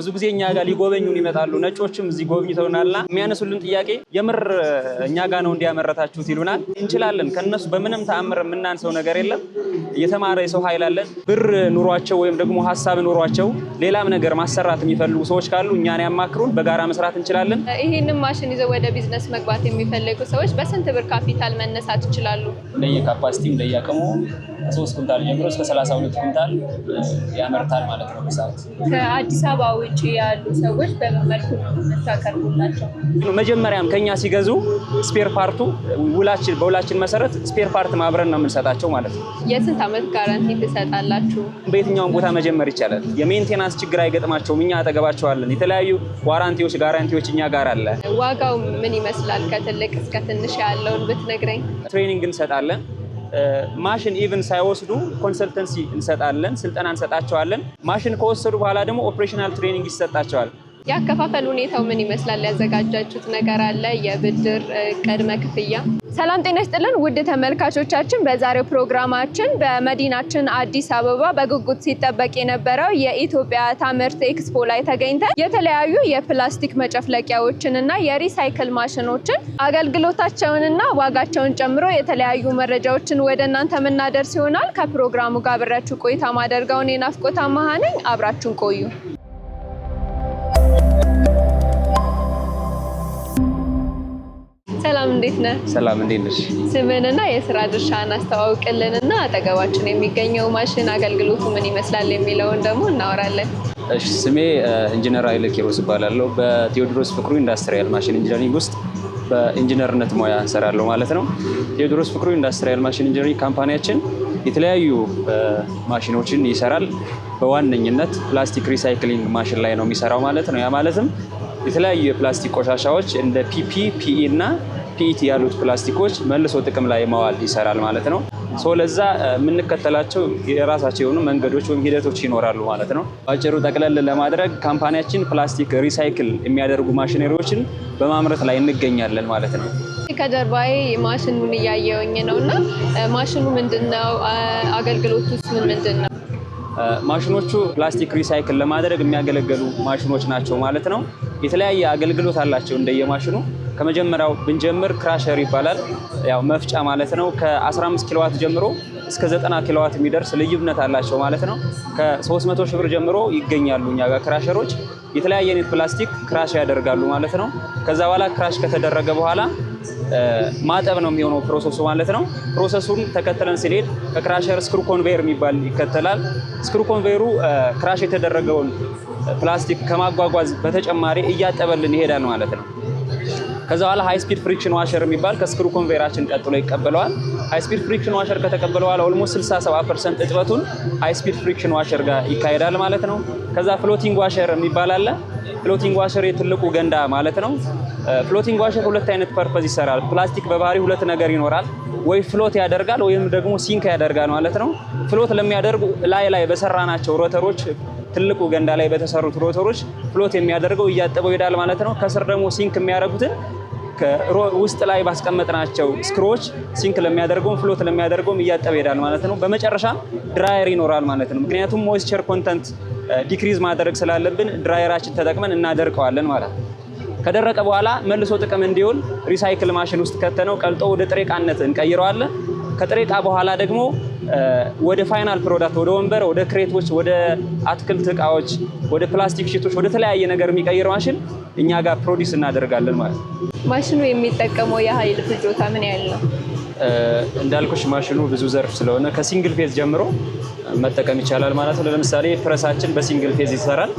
ብዙ ጊዜ እኛ ጋር ሊጎበኙን ይመጣሉ። ነጮችም እዚህ ጎብኝተውናልና የሚያነሱልን ጥያቄ የምር እኛ ጋ ነው እንዲያመረታችሁት ይሉናል። እንችላለን። ከነሱ በምንም ተአምር የምናንሰው ነገር የለም። የተማረ የሰው ኃይል አለን። ብር ኑሯቸው ወይም ደግሞ ሀሳብ ኑሯቸው ሌላም ነገር ማሰራት የሚፈልጉ ሰዎች ካሉ እኛን ያማክሩን፣ በጋራ መስራት እንችላለን። ይህንም ማሽን ይዘው ወደ ቢዝነስ መግባት የሚፈልጉ ሰዎች በስንት ብር ካፒታል መነሳት ይችላሉ? እንደየካፓሲቲ እንደየአቅሙ ከሶስት ኩንታል ጀምሮ እስከ ሰላሳ ሁለት ኩንታል ያመርታል ማለት ነው በሰዓት ከአዲስ አበባ ውጭ ያሉ ሰዎች በምን መልኩ የምታቀርቡላቸው? መጀመሪያም ከኛ ሲገዙ ስፔር ፓርቱ ውላችን በውላችን መሰረት ስፔር ፓርት ማብረን ነው የምንሰጣቸው ማለት ነው። የስንት ዓመት ጋራንቲ ትሰጣላችሁ? በየትኛውም ቦታ መጀመር ይቻላል። የሜንቴናንስ ችግር አይገጥማቸውም። እኛ አጠገባቸዋለን። የተለያዩ ዋራንቲዎች፣ ጋራንቲዎች እኛ ጋር አለ። ዋጋው ምን ይመስላል? ከትልቅ እስከ ትንሽ ያለውን ብትነግረኝ። ትሬኒንግ እንሰጣለን ማሽን ኢቨን ሳይወስዱ ኮንሰልተንሲ እንሰጣለን፣ ስልጠና እንሰጣቸዋለን። ማሽን ከወሰዱ በኋላ ደግሞ ኦፕሬሽናል ትሬኒንግ ይሰጣቸዋል። የአከፋፈል ሁኔታው ምን ይመስላል? ያዘጋጃችሁት ነገር አለ? የብድር ቅድመ ክፍያ? ሰላም ጤና ይስጥልን ውድ ተመልካቾቻችን፣ በዛሬው ፕሮግራማችን በመዲናችን አዲስ አበባ በጉጉት ሲጠበቅ የነበረው የኢትዮጵያ ታምርት ኤክስፖ ላይ ተገኝተን የተለያዩ የፕላስቲክ መጨፍለቂያዎችን እና የሪሳይክል ማሽኖችን አገልግሎታቸውንና ዋጋቸውን ጨምሮ የተለያዩ መረጃዎችን ወደ እናንተ የምናደርስ ይሆናል። ከፕሮግራሙ ጋር ብሬያችሁ ቆይታ ማደርገውን የናፍቆታ መሀነኝ አብራችሁን ቆዩ። እንዴት ነህ? ሰላም፣ እንዴት ነሽ? ስምህንና የስራ ድርሻን አስተዋውቅልን እና አጠገባችን የሚገኘው ማሽን አገልግሎቱ ምን ይመስላል የሚለውን ደግሞ እናወራለን። እሺ፣ ስሜ ኢንጂነር ኃይለ ኪሮስ እባላለሁ። በቴዎድሮስ ፍቅሩ ኢንዳስትሪያል ማሽን ኢንጂነሪንግ ውስጥ በኢንጂነርነት ሙያ እንሰራለሁ ማለት ነው። ቴዎድሮስ ፍቅሩ ኢንዳስትሪያል ማሽን ኢንጂነሪንግ ካምፓኒያችን የተለያዩ ማሽኖችን ይሰራል። በዋነኝነት ፕላስቲክ ሪሳይክሊንግ ማሽን ላይ ነው የሚሰራው ማለት ነው። ያ ማለትም የተለያዩ የፕላስቲክ ቆሻሻዎች እንደ ፒፒ፣ ፒኢ እና ፒኢቲ ያሉት ፕላስቲኮች መልሶ ጥቅም ላይ ማዋል ይሰራል ማለት ነው። ለዛ የምንከተላቸው የራሳቸው የሆኑ መንገዶች ወይም ሂደቶች ይኖራሉ ማለት ነው። ባጭሩ ጠቅለል ለማድረግ ካምፓኒያችን ፕላስቲክ ሪሳይክል የሚያደርጉ ማሽነሪዎችን በማምረት ላይ እንገኛለን ማለት ነው። ከጀርባዬ ማሽኑን እያየውኝ ነው እና ማሽኑ ምንድን ነው? አገልግሎት ውስጥ ምን ምንድን ነው? ማሽኖቹ ፕላስቲክ ሪሳይክል ለማድረግ የሚያገለግሉ ማሽኖች ናቸው ማለት ነው። የተለያየ አገልግሎት አላቸው እንደየማሽኑ ከመጀመሪያው ብንጀምር ክራሸር ይባላል። ያው መፍጫ ማለት ነው። ከ15 ኪሎዋት ጀምሮ እስከ 90 ኪሎዋት የሚደርስ ልዩነት አላቸው ማለት ነው። ከ300 ሺህ ብር ጀምሮ ይገኛሉ እኛ ጋር ክራሸሮች። የተለያየ አይነት ፕላስቲክ ክራሽ ያደርጋሉ ማለት ነው። ከዛ በኋላ ክራሽ ከተደረገ በኋላ ማጠብ ነው የሚሆነው ፕሮሰሱ ማለት ነው። ፕሮሰሱን ተከትለን ስንሄድ ከክራሸር ስክሩ ኮንቬየር የሚባል ይከተላል። ስክሩ ኮንቬየሩ ክራሽ የተደረገውን ፕላስቲክ ከማጓጓዝ በተጨማሪ እያጠበልን ይሄዳል ማለት ነው። ከዛ በኋላ ሃይ ስፒድ ፍሪክሽን ዋሸር የሚባል ከስክሩ ኮንቬራችን ቀጥሎ ይቀበለዋል። ሃይ ስፒድ ፍሪክሽን ዋሸር ከተቀበለ በኋላ ኦልሞስት 67 ፐርሰንት እጥበቱን ሃይ ስፒድ ፍሪክሽን ዋሸር ጋር ይካሄዳል ማለት ነው። ከዛ ፍሎቲንግ ዋሸር የሚባል አለ። ፍሎቲንግ ዋሸር የትልቁ ገንዳ ማለት ነው። ፍሎቲንግ ዋሸር ሁለት አይነት ፐርፐዝ ይሰራል። ፕላስቲክ በባህሪ ሁለት ነገር ይኖራል፣ ወይ ፍሎት ያደርጋል ወይም ደግሞ ሲንክ ያደርጋል ማለት ነው። ፍሎት ለሚያደርጉ ላይ ላይ በሰራናቸው ሮተሮች ትልቁ ገንዳ ላይ በተሰሩት ሮተሮች ፍሎት የሚያደርገው እያጠበው ይሄዳል ማለት ነው። ከስር ደግሞ ሲንክ የሚያደርጉትን ውስጥ ላይ ባስቀመጥናቸው ስክሮች ሲንክ ለሚያደርገውም ፍሎት ለሚያደርገውም እያጠበ ይሄዳል ማለት ነው። በመጨረሻም ድራየር ይኖራል ማለት ነው። ምክንያቱም ሞይስቸር ኮንተንት ዲክሪዝ ማድረግ ስላለብን ድራየራችን ተጠቅመን እናደርቀዋለን ማለት ነው። ከደረቀ በኋላ መልሶ ጥቅም እንዲውል ሪሳይክል ማሽን ውስጥ ከተነው ቀልጦ ወደ ጥሬ እንቀይረዋለን። ከጥሬ በኋላ ደግሞ ወደ ፋይናል ፕሮዳክት ወደ ወንበር፣ ወደ ክሬቶች፣ ወደ አትክልት እቃዎች፣ ወደ ፕላስቲክ ሽቶች፣ ወደ ተለያየ ነገር የሚቀይር ማሽን እኛ ጋር ፕሮዲስ እናደርጋለን ማለት ነው። ማሽኑ የሚጠቀመው የኃይል ፍጆታ ምን ያህል ነው? እንዳልኩሽ ማሽኑ ብዙ ዘርፍ ስለሆነ ከሲንግል ፌዝ ጀምሮ መጠቀም ይቻላል ማለት ነው። ለምሳሌ ፕረሳችን በሲንግል ፌዝ ይሰራል።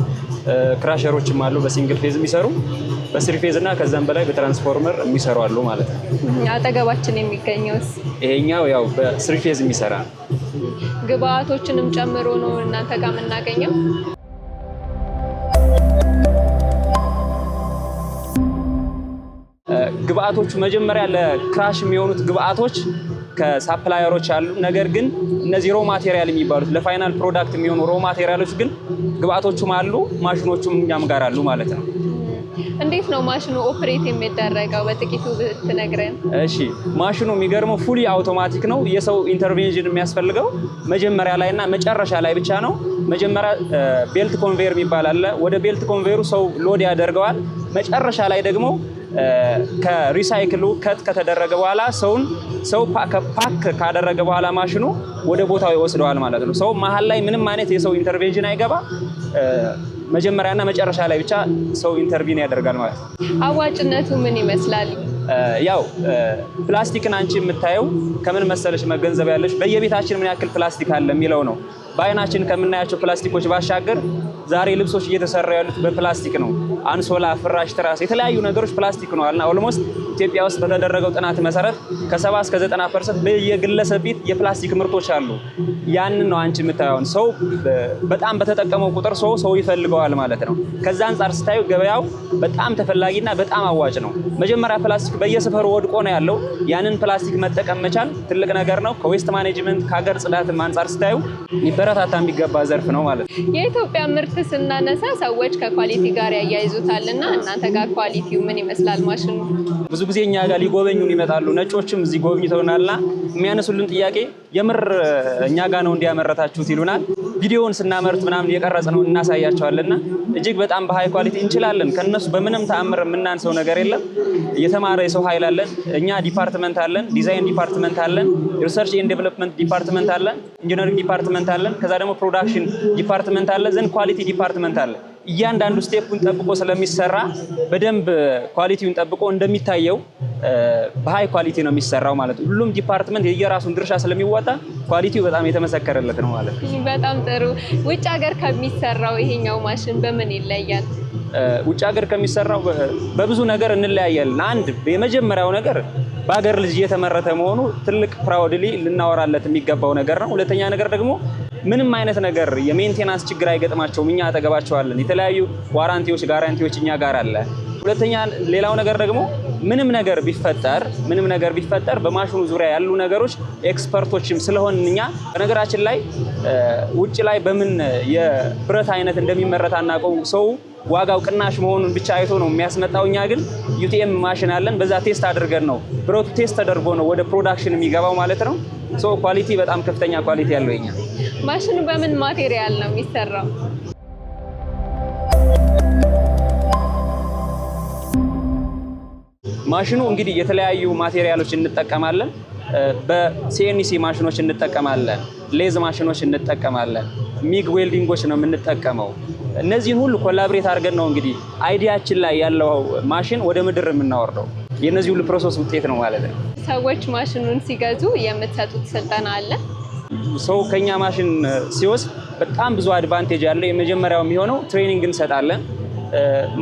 ክራሸሮችም አሉ በሲንግል ፌዝ የሚሰሩ በስሪ ፌዝ እና ከዛም በላይ በትራንስፎርመር የሚሰሩ አሉ ማለት ነው። አጠገባችን የሚገኘው ይሄኛው ያው በስሪ ፌዝ የሚሰራ ነው። ግብአቶችንም ጨምሮ ነው እናንተ ጋር የምናገኘው። ግብአቶቹ መጀመሪያ ለክራሽ የሚሆኑት ግብአቶች ከሳፕላየሮች አሉ። ነገር ግን እነዚህ ሮ ማቴሪያል የሚባሉት ለፋይናል ፕሮዳክት የሚሆኑ ሮ ማቴሪያሎች ግን ግብአቶቹም አሉ፣ ማሽኖቹም እኛም ጋር አሉ ማለት ነው። እንዴት ነው ማሽኑ ኦፕሬት የሚደረገው? በጥቂቱ ብትነግረን። እሺ፣ ማሽኑ የሚገርመው ፉሊ አውቶማቲክ ነው። የሰው ኢንተርቬንሽን የሚያስፈልገው መጀመሪያ ላይ እና መጨረሻ ላይ ብቻ ነው። መጀመሪያ ቤልት ኮንቬየር የሚባል አለ። ወደ ቤልት ኮንቬየሩ ሰው ሎድ ያደርገዋል። መጨረሻ ላይ ደግሞ ከሪሳይክሉ ከት ከተደረገ በኋላ ሰውን ሰው ፓክ ካደረገ በኋላ ማሽኑ ወደ ቦታው ይወስደዋል ማለት ነው። ሰው መሀል ላይ ምንም አይነት የሰው ኢንተርቬንሽን አይገባ መጀመሪያና መጨረሻ ላይ ብቻ ሰው ኢንተርቪን ያደርጋል ማለት ነው። አዋጭነቱ ምን ይመስላል? ያው ፕላስቲክን አንቺ የምታየው ከምን መሰለሽ መገንዘብ ያለሽ በየቤታችን ምን ያክል ፕላስቲክ አለ የሚለው ነው። በአይናችን ከምናያቸው ፕላስቲኮች ባሻገር ዛሬ ልብሶች እየተሰራ ያሉት በፕላስቲክ ነው። አንሶላ፣ ፍራሽ፣ ትራስ፣ የተለያዩ ነገሮች ፕላስቲክ ነዋልና ኦልሞስት ኢትዮጵያ ውስጥ በተደረገው ጥናት መሰረት ከ70 እስከ 90 ፐርሰንት በየግለሰብ ቤት የፕላስቲክ ምርቶች አሉ። ያንን ነው አንቺ የምታየውን ሰው በጣም በተጠቀመው ቁጥር ሰው ሰው ይፈልገዋል ማለት ነው። ከዛ አንጻር ስታዩ ገበያው በጣም ተፈላጊና በጣም አዋጭ ነው። መጀመሪያ ፕላስቲክ በየሰፈሩ ወድቆ ነው ያለው። ያንን ፕላስቲክ መጠቀም መቻል ትልቅ ነገር ነው። ከዌስት ማኔጅመንት ከሀገር ጽዳትም አንጻር ስታዩ ሊበረታታ የሚገባ ዘርፍ ነው ማለት ነው። የኢትዮጵያ ምርት ስናነሳ ሰዎች ከኳሊቲ ጋር ያያይዙታል እና እናንተ ጋር ኳሊቲው ምን ይመስላል? ማሽኑ ብዙ ጊዜ እኛ ጋር ሊጎበኙን ይመጣሉ። ነጮችም እዚህ ጎብኝተውናልና የሚያነሱልን ጥያቄ የምር እኛ ጋ ነው እንዲያመረታችሁት ይሉናል። ቪዲዮውን ስናመርት ምናምን የቀረጽ ነው እናሳያቸዋልና እጅግ በጣም በሀይ ኳሊቲ እንችላለን። ከነሱ በምንም ተአምር የምናንሰው ነገር የለም። የተማረ የሰው ኃይል አለን። እኛ ዲፓርትመንት አለን፣ ዲዛይን ዲፓርትመንት አለን፣ ሪሰርች ኤንድ ዴቨሎፕመንት ዲፓርትመንት አለን፣ ኢንጂነሪንግ ዲፓርትመንት አለን፣ ከዛ ደግሞ ፕሮዳክሽን ዲፓርትመንት አለ፣ ዘን ኳሊቲ ዲፓርትመንት አለን። እያንዳንዱ ስቴፑን ጠብቆ ስለሚሰራ በደንብ ኳሊቲውን ጠብቆ እንደሚታየው በሀይ ኳሊቲ ነው የሚሰራው ማለት ነው። ሁሉም ዲፓርትመንት የየራሱን ድርሻ ስለሚወጣ ኳሊቲው በጣም የተመሰከረለት ነው ማለት ነው። በጣም ጥሩ። ውጭ ሀገር ከሚሰራው ይሄኛው ማሽን በምን ይለያል? ውጭ ሀገር ከሚሰራው በብዙ ነገር እንለያያለን። አንድ የመጀመሪያው ነገር በሀገር ልጅ እየተመረተ መሆኑ ትልቅ ፕራውድሊ ልናወራለት የሚገባው ነገር ነው። ሁለተኛ ነገር ደግሞ ምንም አይነት ነገር የሜንቴናንስ ችግር አይገጥማቸውም። እኛ አጠገባቸዋለን። የተለያዩ ዋራንቲዎች፣ ጋራንቲዎች እኛ ጋር አለ። ሁለተኛ ሌላው ነገር ደግሞ ምንም ነገር ቢፈጠር ምንም ነገር ቢፈጠር በማሽኑ ዙሪያ ያሉ ነገሮች ኤክስፐርቶችም ስለሆን እኛ በነገራችን ላይ ውጭ ላይ በምን የብረት አይነት እንደሚመረት አናውቀው። ሰው ዋጋው ቅናሽ መሆኑን ብቻ አይቶ ነው የሚያስመጣው። እኛ ግን ዩቲኤም ማሽን አለን። በዛ ቴስት አድርገን ነው ብረቱ ቴስት ተደርጎ ነው ወደ ፕሮዳክሽን የሚገባው ማለት ነው። ሶ ኳሊቲ በጣም ከፍተኛ ኳሊቲ ያለው ይኛ ማሽኑ በምን ማቴሪያል ነው የሚሰራው? ማሽኑ እንግዲህ የተለያዩ ማቴሪያሎች እንጠቀማለን። በሲኤንሲ ማሽኖች እንጠቀማለን፣ ሌዝ ማሽኖች እንጠቀማለን፣ ሚግ ዌልዲንጎች ነው የምንጠቀመው። እነዚህን ሁሉ ኮላብሬት አድርገን ነው እንግዲህ አይዲያችን ላይ ያለው ማሽን ወደ ምድር የምናወርደው። የእነዚህ ሁሉ ፕሮሰስ ውጤት ነው ማለት ነው። ሰዎች ማሽኑን ሲገዙ የምትሰጡት ስልጠና አለ? ሰው ከኛ ማሽን ሲወስድ በጣም ብዙ አድቫንቴጅ ያለው የመጀመሪያው የሚሆነው ትሬኒንግ እንሰጣለን።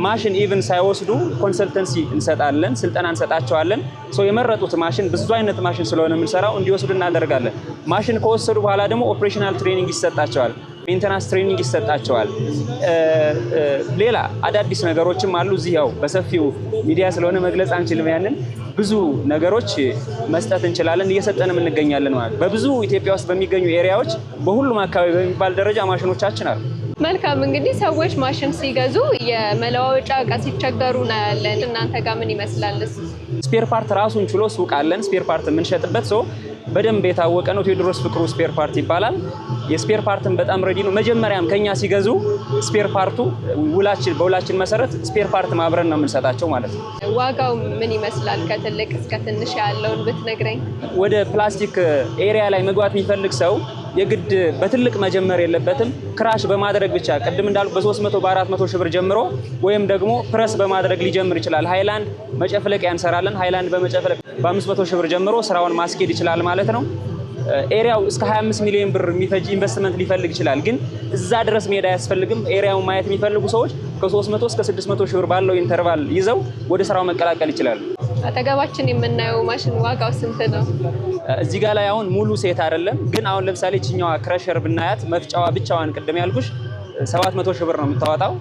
ማሽን ኢቭን ሳይወስዱ ኮንሰልተንሲ እንሰጣለን፣ ስልጠና እንሰጣቸዋለን። ሰው የመረጡት ማሽን ብዙ አይነት ማሽን ስለሆነ የምንሰራው እንዲወስዱ እናደርጋለን። ማሽን ከወሰዱ በኋላ ደግሞ ኦፕሬሽናል ትሬኒንግ ይሰጣቸዋል፣ ሜንተናንስ ትሬኒንግ ይሰጣቸዋል። ሌላ አዳዲስ ነገሮችም አሉ። እዚህ ያው በሰፊው ሚዲያ ስለሆነ መግለጽ አንችልም ያንን ብዙ ነገሮች መስጠት እንችላለን፣ እየሰጠንም እንገኛለን ማለት በብዙ ኢትዮጵያ ውስጥ በሚገኙ ኤሪያዎች በሁሉም አካባቢ በሚባል ደረጃ ማሽኖቻችን አሉ። መልካም እንግዲህ ሰዎች ማሽን ሲገዙ የመለዋወጫ እቃ ሲቸገሩ እናያለን። እናንተ ጋር ምን ይመስላል? ስፔር ፓርት ራሱን ችሎ ሱቅ አለን። ስፔር ፓርት የምንሸጥበት ሰው በደንብ የታወቀ ነው። ቴዎድሮስ ፍቅሩ ስፔር ፓርት ይባላል። የስፔር ፓርትን በጣም ረዲ ነው። መጀመሪያም ከኛ ሲገዙ ስፔር ፓርቱ ውላችን በውላችን መሰረት ስፔር ፓርት ማብረን ነው የምንሰጣቸው ማለት ነው። ዋጋው ምን ይመስላል? ከትልቅ እስከ ትንሽ ያለውን ብትነግረኝ። ወደ ፕላስቲክ ኤሪያ ላይ መግባት የሚፈልግ ሰው የግድ በትልቅ መጀመር የለበትም። ክራሽ በማድረግ ብቻ ቅድም እንዳልኩ በ300 በ400 ሺህ ብር ጀምሮ ወይም ደግሞ ፕረስ በማድረግ ሊጀምር ይችላል። ሃይላንድ መጨፍለቂያ እንሰራለን። ሃይላንድ በመጨፍለቅ በ500 ሺህ ብር ጀምሮ ስራውን ማስኬድ ይችላል ማለት ነው። ኤሪያው እስከ 25 ሚሊዮን ብር የሚፈጅ ኢንቨስትመንት ሊፈልግ ይችላል። ግን እዛ ድረስ መሄድ አያስፈልግም። ኤሪያውን ማየት የሚፈልጉ ሰዎች ከ300 እስከ 600 ሺህ ብር ባለው ኢንተርቫል ይዘው ወደ ስራው መቀላቀል ይችላሉ። አጠገባችን የምናየው ማሽን ዋጋው ስንት ነው? እዚህ ጋር ላይ አሁን ሙሉ ሴት አይደለም፣ ግን አሁን ለምሳሌ ችኛዋ ክረሸር ብናያት መፍጫዋ ብቻዋን ቅድም ያልኩሽ 700 ሺህ ብር ነው የምታወጣው።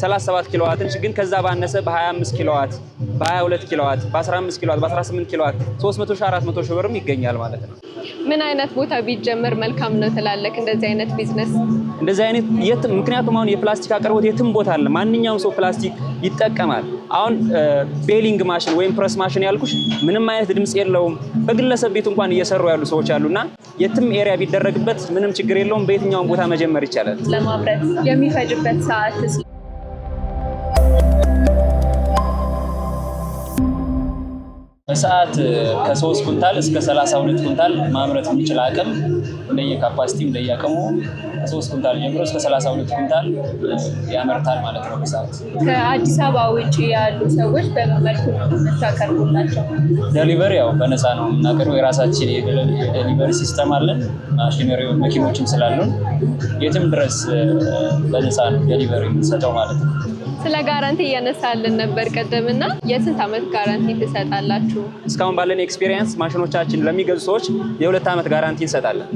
37 ኪሎ ዋት ግን ከዛ ባነሰ በ25 ኪሎ ዋት፣ በ22 ኪሎ ዋት፣ በ15 ኪሎ ዋት፣ በ18 ኪሎ ዋት 300 ሺህ 400 ሺህ ብርም ይገኛል ማለት ነው። ምን አይነት ቦታ ቢጀመር መልካም ነው ትላለህ? እንደዚህ አይነት ቢዝነስ እንደዚህ አይነት የት? ምክንያቱም አሁን የፕላስቲክ አቅርቦት የትም ቦታ አለ። ማንኛውም ሰው ፕላስቲክ ይጠቀማል። አሁን ቤሊንግ ማሽን ወይም ፕረስ ማሽን ያልኩሽ ምንም አይነት ድምፅ የለውም። በግለሰብ ቤት እንኳን እየሰሩ ያሉ ሰዎች አሉና የትም ኤሪያ ቢደረግበት ምንም ችግር የለውም። በየትኛውም ቦታ መጀመር ይቻላል። ለማብረት የሚፈጅበት ሰዓት በሰዓት ከሶስት ኩንታል እስከ ሰላሳ ሁለት ኩንታል ማምረት የሚችል አቅም እንደየ ካፓሲቲ እንደየ አቅሙ ከሶስት ኩንታል ጀምሮ እስከ ሰላሳ ሁለት ኩንታል ያመርታል ማለት ነው በሰዓት። ከአዲስ አበባ ውጭ ያሉ ሰዎች በመመልኩ ነው የምታቀርቡላቸው? ደሊቨሪ ያው በነፃ ነው የምናቀርበው። የራሳችን የደሊቨሪ ሲስተም አለን፣ ማሽነሪ መኪኖችም ስላሉን የትም ድረስ በነፃ ነው ደሊቨሪ የምንሰጠው ማለት ነው። ስለ ጋራንቲ እያነሳልን ነበር ቀደምና የስንት ዓመት ጋራንቲ ትሰጣላችሁ? እስካሁን ባለን ኤክስፔሪየንስ ማሽኖቻችን ለሚገዙ ሰዎች የሁለት ዓመት ጋራንቲ እንሰጣለን።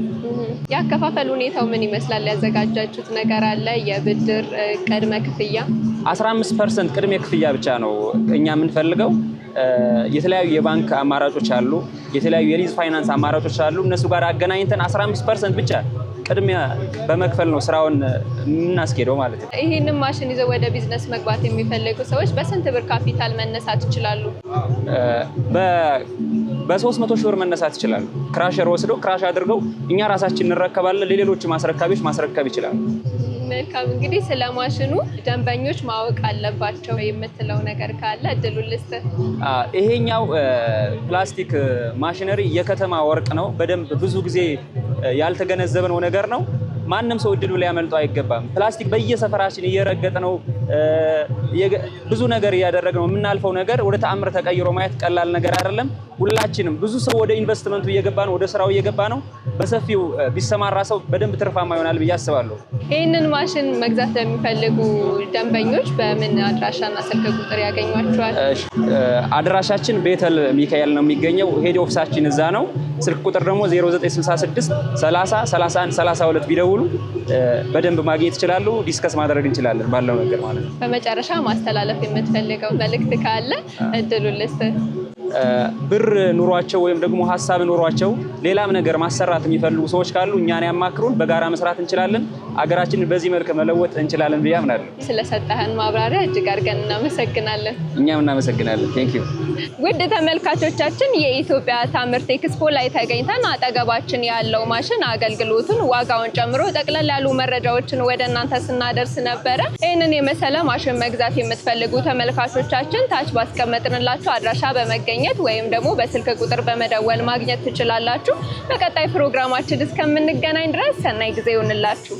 የአከፋፈል ሁኔታው ምን ይመስላል? ያዘጋጃችሁት ነገር አለ? የብድር ቅድመ ክፍያ 15 ፐርሰንት ቅድሜ ክፍያ ብቻ ነው እኛ የምንፈልገው። የተለያዩ የባንክ አማራጮች አሉ፣ የተለያዩ የሊዝ ፋይናንስ አማራጮች አሉ። እነሱ ጋር አገናኝተን 15 ፐርሰንት ብቻ ቅድሚያ በመክፈል ነው ስራውን የምናስኬደው ማለት ነው። ይህንን ማሽን ይዘው ወደ ቢዝነስ መግባት የሚፈልጉ ሰዎች በስንት ብር ካፒታል መነሳት ይችላሉ? በሶስት መቶ ሺህ ብር መነሳት ይችላሉ። ክራሸር ወስደው ክራሽ አድርገው እኛ ራሳችን እንረከባለን። ለሌሎች ማስረካቢዎች ማስረከብ ይችላሉ። መልካም እንግዲህ ስለ ማሽኑ ደንበኞች ማወቅ አለባቸው የምትለው ነገር ካለ እድሉ ልስጥ። ይሄኛው ፕላስቲክ ማሽነሪ የከተማ ወርቅ ነው። በደንብ ብዙ ጊዜ ያልተገነዘብነው ነገር ነው። ማንም ሰው እድሉ ሊያመልጠው አይገባም። ፕላስቲክ በየሰፈራችን እየረገጠ ነው፣ ብዙ ነገር ነው የምናልፈው ነገር ወደ ተአምር ተቀይሮ ማየት ቀላል ነገር አይደለም። ሁላችንም ብዙ ሰው ወደ ኢንቨስትመንቱ እየገባ ነው፣ ወደ ስራው እየገባ ነው። በሰፊው ቢሰማራ ሰው በደንብ ትርፋማ ይሆናል ብዬ አስባለሁ። ይህንን ማሽን መግዛት ለሚፈልጉ ደንበኞች በምን አድራሻና ስልክ ቁጥር ያገኟቸዋል? አድራሻችን ቤተል ሚካኤል ነው የሚገኘው። ሄድ ኦፊሳችን እዛ ነው። ስልክ ቁጥር ደግሞ 0966 30 31 32 ቢደውሉ በደንብ ማግኘት ይችላሉ። ዲስከስ ማድረግ እንችላለን ባለው ነገር ማለት ነው። በመጨረሻ ማስተላለፍ የምትፈልገው መልእክት ካለ እድሉ ልስጥ። ብር ኑሯቸው ወይም ደግሞ ሀሳብ ኑሯቸው ሌላም ነገር ማሰራት የሚፈልጉ ሰዎች ካሉ እኛን ያማክሩን። በጋራ መስራት እንችላለን። አገራችንን በዚህ መልክ መለወጥ እንችላለን ብዬ አምናለሁ። ስለሰጠህን ማብራሪያ እጅግ አድርገን እናመሰግናለን። እኛም እናመሰግናለን። ቴንክ ዩ። ውድ ተመልካቾቻችን የኢትዮጵያ ታምርት ኤክስፖ ላይ ተገኝተን አጠገባችን ያለው ማሽን አገልግሎቱን፣ ዋጋውን ጨምሮ ጠቅለል ያሉ መረጃዎችን ወደ እናንተ ስናደርስ ነበረ። ይህንን የመሰለ ማሽን መግዛት የምትፈልጉ ተመልካቾቻችን ታች ባስቀመጥንላቸው አድራሻ በመ በመገኘት ወይም ደግሞ በስልክ ቁጥር በመደወል ማግኘት ትችላላችሁ። በቀጣይ ፕሮግራማችን እስከምንገናኝ ድረስ ሰናይ ጊዜ ይሁንላችሁ።